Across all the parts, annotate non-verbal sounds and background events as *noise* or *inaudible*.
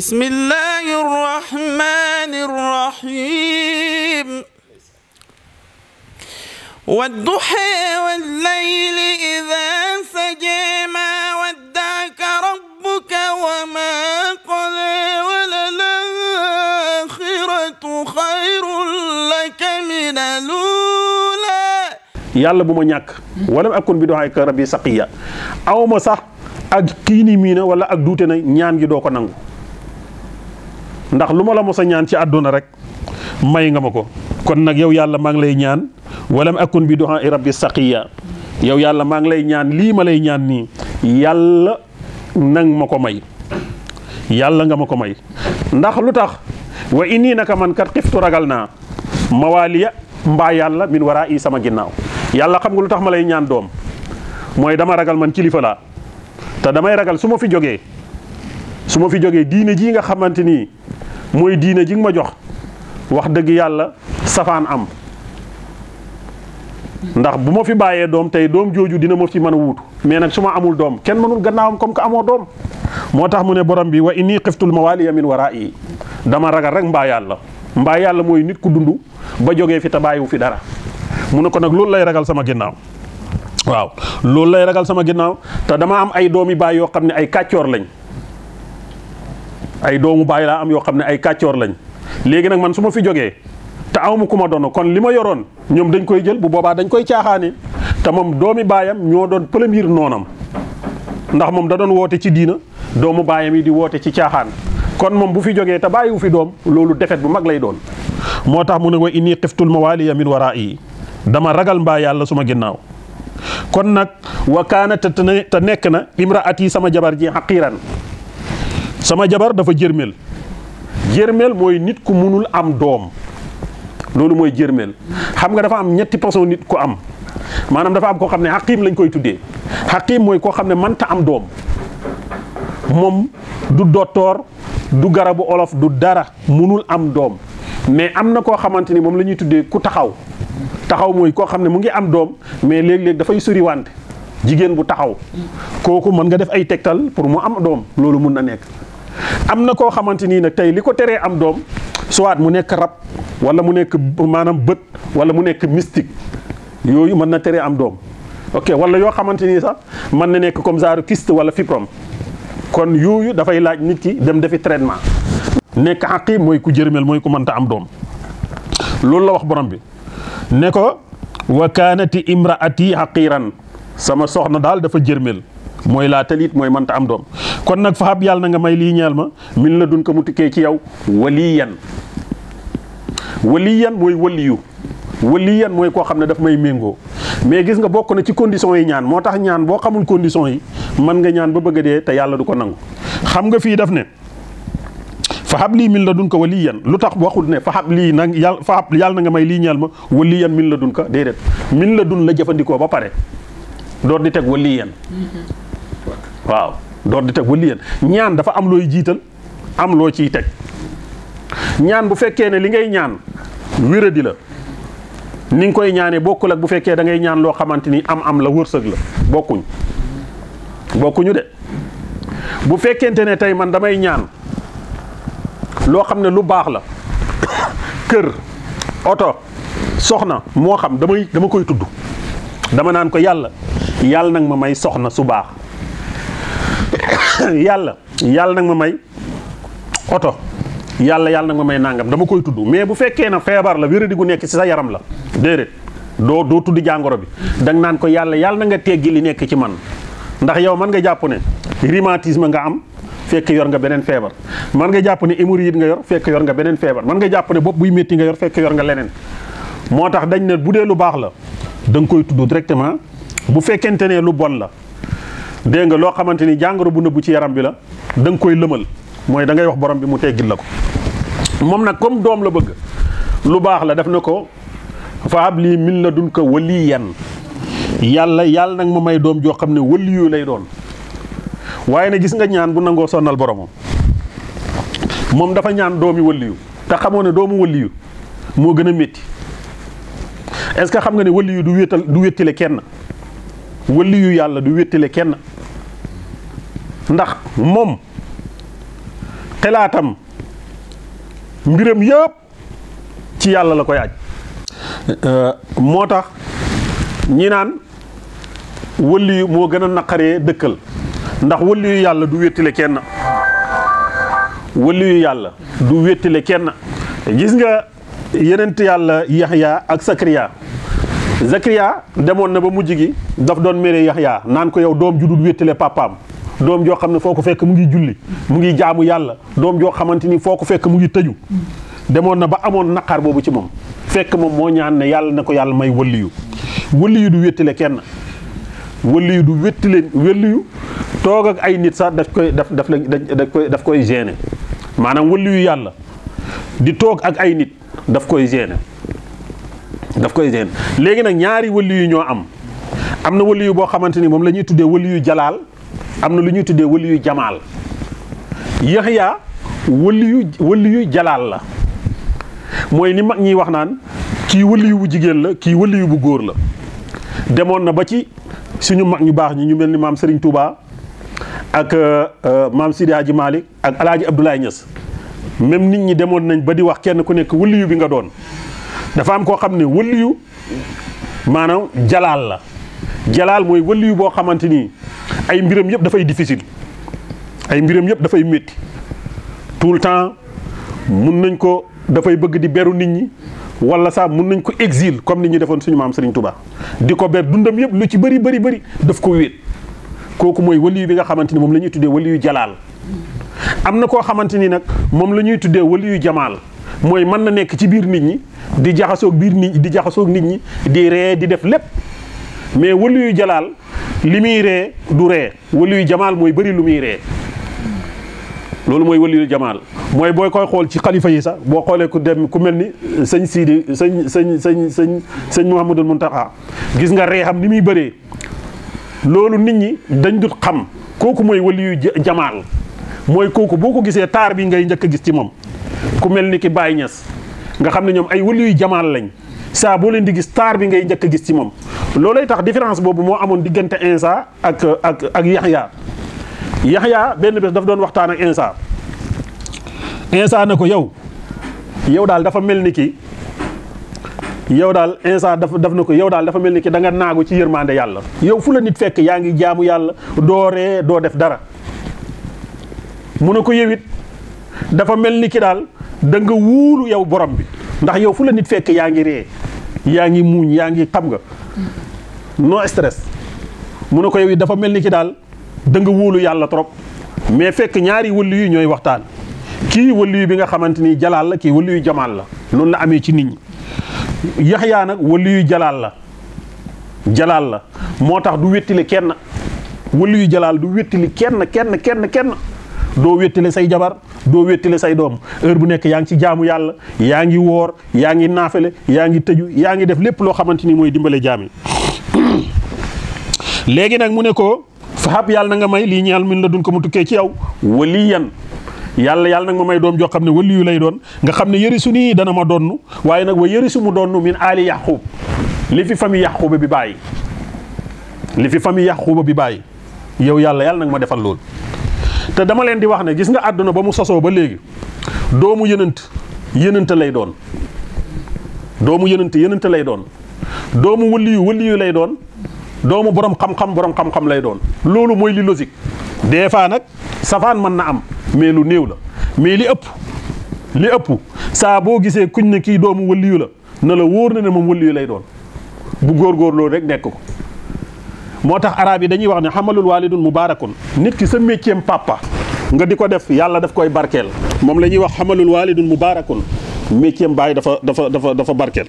بسم الله الرحمن الرحيم والضحى والليل إذا سجى ما ودعك ربك وما قلى وللآخرة خير لك من الأولى yàlla bu ma ñàkk walam akun bi duhaa'ika rabbi saqiya awma sax ak tiini miina wala ak duute na ñaan gi doo ko nangu ndax lu ma la mos a ñaan ci àdduna rek may nga ma ko kon nag yow yàlla maa ngi lay ñaan walam akun bi du'a rabbi yow yàlla maa ngi lay ñaan lii ma lay ñaan nii yàlla nang ma ko may yàlla nga ma ko may ndax lu tax wa inni naka man kat xiftu ragal naa ma mawaaliya mbaa yàlla min waraa i sama ginnaaw yàlla xam nga lu tax ma lay ñaan doom mooy dama ragal man kilifa laa te damay ragal su ma fi jógee su ma fi jógee diine jii nga xamante nii mooy diine ji nga ma jox wax dëgg yàlla safaan am ndax bu ma fi bàyyee doom tey doom jooju dina ma fi mën a wut mais nag su ma amul doom kenn mënul gannaawam comme que amoo doom moo tax mu ne borom bi wa inni xiftul mawaaliya min waraa'i dama ragal rek mbaa yàlla mbaa yàlla mooy nit ku dund ba jógee fi te bàyyiwu fi dara mu ne ko nag loolu lay ragal sama ginnaaw waaw loolu lay ragal sama ginnaaw te dama am ay doomi baay yoo xam ne ay kàccoor lañ ay doomu baay laa am yoo xam ne ay kàccoor lañ léegi nag man su ma fi jógee te awma ku ma doon kon li ma yoroon ñoom dañ koy jël bu boobaa dañ koy caaxaane te moom doomi baayam ñoo doon premier noonam ndax moom da doon woote ci diina doomu baayam yi di woote ci caaxaan kon moom bu fi jógee te bàyyiwu fi doom loolu defet bu mag lay doon moo tax mu ne wa inni xiftul mawaaliya min waraa yi dama ragal mbaa yàlla suma ginnaaw kon nag wa kaana te te nekk na imraat yi sama jabar ji xaqiiran sama jabar dafa jërmeel jërmeel mooy nit ku munul am doom loolu mooy jërmeel xam nga dafa am ñetti façon nit ku am maanaam dafa am koo xam ne xaqiim lañ koy tuddee xaqiim mooy koo xam ne mënta am doom moom du docteur du garabu olof du dara munul am doom mais am na koo xamante ni moom la ñuy tuddee ku taxaw taxaw mooy koo xam ne mu ngi am doom mais léeg-léeg dafay soriwante jigéen bu taxaw kooku mën nga def ay tegtal pour mu am doom loolu mun na nekk am na koo xamante nii nag tey li ko teree am doom suwaat mu nekk rab wala mu nekk maanaam bët wala mu nekk mystique yooyu mën na teree am doom ok wala yoo xamante nii sax mën na nekk comme genre kyste wala fibrome kon yooyu dafay laaj nit ki dem defi traitement nekk xaqi mooy ku jërmel mooy ku mënta am doom loolu la wax borom bi ne ko wa kaanati imraati xaqiran sama soxna daal dafa jërmel mooy laa taliit mooy manta am doom kon nag faxab yàlla na nga may lii ñeel ma min la dun ko mu tukkee ci yow waliyan waliyan mooy waliyu waliyan mooy koo xam ne daf may méngoo mais gis nga bokk na ci condition yi ñaan moo tax ñaan boo xamul condition yi mën nga ñaan ba bëgg a dee te yàlla du ko nangu xam fii daf ne fahab lii min la dun ko waliyan lu tax waxul ne fahab lii nag yàlla fahab yàlla nga may lii ñeel ma waliyan min la dun ko déedéet min la dun la jëfandikoo ba pare door di teg waliyan waaw door di teg waliyan ñaan dafa am looy jiital am loo ciy teg ñaan bu fekkee ne li ngay ñaan wéradi la ni nga koy ñaanee bokkul ak bu fekkee da ngay ñaan loo xamante ni am am la wërsëg la bokkuñ bokkuñu de bu fekkente ne tey man damay ñaan loo xam ne lu baax la *coughs* kër oto soxna moo xam damay dama koy tudd dama naan ko yàlla yàlla nag ma may soxna su baax *coughs* yàlla yàlla nag ma may oto yàlla yàlla nag ma may nangam dama koy tudd mais bu fekkee na feebar la wéradi gu nekk ci sa yaram la déedéet doo doo tudd jàngoro bi danga naan ko yàlla yàlla na nga teggi li nekk ci man ndax yow mën nga jàpp ne rhumatisme nga am fekk yor nga beneen feebar mën nga jàpp ne hémorroïde nga yor fekk yor nga beneen feebar mën nga jàpp ne bopp buy métti nga yor fekk yor nga leneen moo tax dañ ne bu dee lu baax la da nga koy tudd directement bu fekkente ne lu bon la dégg nga loo xamante ni jàngoro bu nëbbu ci yaram bi la danga koy lëmal mooy dangay wax borom bi mu teggil la ko moom nag comme doom la bëgg lu baax la def na ko fa ab lii min la dun ko waliyan yàlla yàlla nag ma may doom joo xam ne waliyu lay doon waaye ne gis nga ñaan bu nangoo sonnal boromam moom dafa ñaan doomi waliyu te xamoo ne doomu waliyu moo gën a métti est-ce que xam nga ne waliyu du wétal du wéttile kenn waliyu yàlla du wéttile kenn ndax moom xalaatam mbiram yépp ci yàlla la koy aj euh, moo tax ñi naan wëlli yu moo gën a naqaree dëkkal ndax wëlli yu yàlla du wéttile kenn wëlli yàlla du wéttile kenn gis nga yenent yàlla yaxya ak sakariya zakariya demoon na ba mujj gi daf doon mere yaxya naan ko yow doom ju dul wéttile papaam doom joo xam ne foo ko fekk mu ngi julli mu ngi jaamu yàlla doom joo xamante ni foo ko fekk mu ngi tëju demoon na ba amoon naqar boobu ci moom fekk moom moo ñaan ne yàlla na ko yàlla may wëlliyu wëlliyu du wéttile kenn wëlliyu du wéttile wëlliyu toog ak ay nit sax daf koy daf daf daf koy daf koy gêner maanaam wëlliyu yàlla di toog ak ay nit daf koy gêner daf koy gêner léegi nag ñaari wëlliyu ñoo am am na wëlliyu boo xamante ni moom la ñuy tuddee wëlliyu jalaal am na lu ñuy tuddee wëli yu jamaal yaxya wëli yu jalaal la mooy ni mag ñiy wax naan kii wëli bu jigéen la kii wëli bu góor la demoon na ba ci suñu mag ñu baax ñi ñu mel ni maam sëriñ Touba ak euh, euh, maam Sidi Hadji Malick ak alaaji Abdoulaye Niass même nit ñi demoon nañ ba di wax kenn ku nekk wëli bi nga doon dafa am koo xam ne wëli yu maanaam jalaal la jalaal mooy wëliyu boo xamante ni ay mbiram yëpp dafay difficile ay mbiram yëpp dafay métti tout le temps mun nañ ko dafay bëgg di beru nit ñi wala sax mun nañ ko exil comme ni ñu defoon suñu maam Serigne Touba di ko ber dundam yëpp lu ci bëri bëri bëri daf ko wéet kooku mooy waliyu bi nga xamante ni moom la ñuy tuddee waliyu jalaal am na koo xamante ni nag moom la ñuy tuddee waliyu jamaal mooy mën na nekk ci biir nit ñi di jaxasoog biir nit ñi di jaxasoog nit ñi di ree di def lépp mais wëlu jalaal li muy ree du ree wëlu yu jamaal mooy bëri lu muy ree loolu mooy wëlu yu jamaal mooy booy koy xool ci xalifa yi sax boo xoolee ku dem ku mel ni sañ Sidi sañ sëñ sëñ sëñ sëñ Mouhamadul Muntaxa gis nga ree xam li muy bëree loolu nit ñi dañ dut xam kooku mooy wëlu yu jamaal mooy kooku boo ko gisee taar bi ngay njëkk a gis ci moom ku mel ni ki Baye Niass nga xam ne ñoom ay wëlu yu jamaal lañ saa boo leen di gis taar bi ngay njëkk a gis ci moom loolu loolay tax différence boobu moo amoon diggante Insa ak ak ak Yaxya Yaxya benn bés daf doon waxtaan ak Insa Insa ne ko yow yow daal dafa mel ni ki yow daal instant daf daf na ko yow daal dafa mel ni ki da nga naagu ci yërmande yàlla yow fu nit fekk yaa ngi jaamu yàlla doo doo def dara mu ne ko yow it dafa mel ni ki daal da nga wuulu yow borom bi ndax yow fu la nit fekk yaa ngi ree yaa ngi muuñ yaa ngi xam nga non stress mu ne ko yow yi dafa mel ni ki daal da nga wóolu yàlla trop mais fekk ñaari wëllu ñooy waxtaan kii wëllu bi nga xamante ni jalaal la ki wëllu yu jamaal la noonu la amee ci nit ñi yaxyaa nag wëllu yu jalaal la jalaal la moo tax du wéttili kenn wëllu yu jalaal du wéttili kenn kenn kenn kenn doo wéttile say jabar doo wéttile say doom heure bu nekk yaa ngi ci jaamu yàlla yaa ngi woor yaa ngi naafale yaa ngi tëju yaa ngi def lépp loo xamante ni mooy dimbale jaam *clears throat* léegi nag mu ne ko fahab yàlla na nga may lii ñeel min la dun ko mu tukkee ci wa lii yan yàlla yàlla nag ma may doom jox xam ne waliyu lay doon nga xam ne su nii dana ma donnu waaye nag wa su mu donnu min aali yaqub li fi famille yaquba bi bàyyi li fi famille yaquba bi bàyyi yow yàlla yàlla nag ma defal lool te dama leen di wax ne gis nga àdduna ba mu sosoo ba léegi doomu yënant yënant lay doon doomu yënant yënant lay doon doomu wëliyu wëliyu lay doon doomu borom xam-xam borom xam-xam lay doon loolu mooy li logique des fois nag safaan mën na am mais lu néew la mais li ëpp li ëpp saa boo gisee kuñ ne kii doomu wëliyu la na la wóor na ne moom wëliyu lay doon bu loolu rek nekk ko moo tax araab yi dañuy wax ne xamalul waalidun mubaarakun nit ki sa métier papa nga di ko def yàlla def koy barkeel moom la ñuy wax xamalul waalidun mubaarakun métier baay dafa dafa dafa dafa barkeel.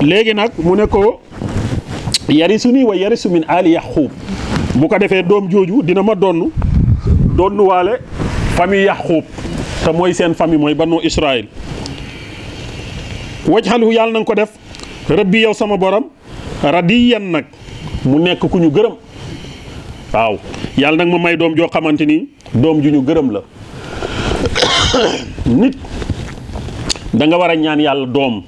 léegi nag mu ne ko yarisu nii wa yarisu min aali yaxuub bu ko defee doom jooju dina ma donn donnuwaale famille yaxuub te mooy seen famille mooy banu Israël wajxalu yàlla na ko def rabbi yow sama borom radiyan nag. mu nekk ku ñu gërëm waaw yàlla nag ma may doom joo xamante ni doom ju ñu gërëm la *coughs* nit danga war a ñaan yàlla doom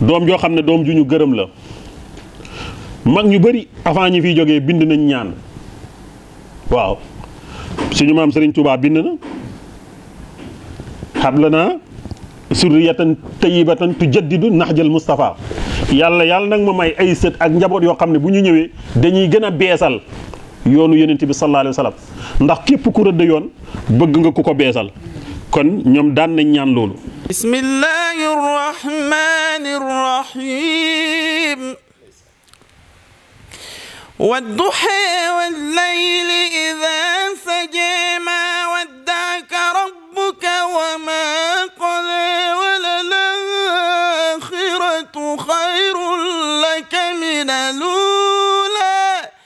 doom joo xam ne doom ju ñu gërëm la mag ñu bari avant ñi fiy jógee bind nañ ñaan waaw suñu maam Serigne Touba bind na xab naa surriyatan tayyibatan tujaddidu nahjal Mustafa yàlla yàlla nag ma may ay sët ak njaboot yoo xam ne bu ñu ñëwee dañuy gën a beesal yoonu yonent bi sallallahu alayhi wa ndax képp ku rëdd yoon bëgg nga ku ko beesal kon ñoom daan nañ ñaan loolu. bismillahi rahmani a wadduha wallayli idha saja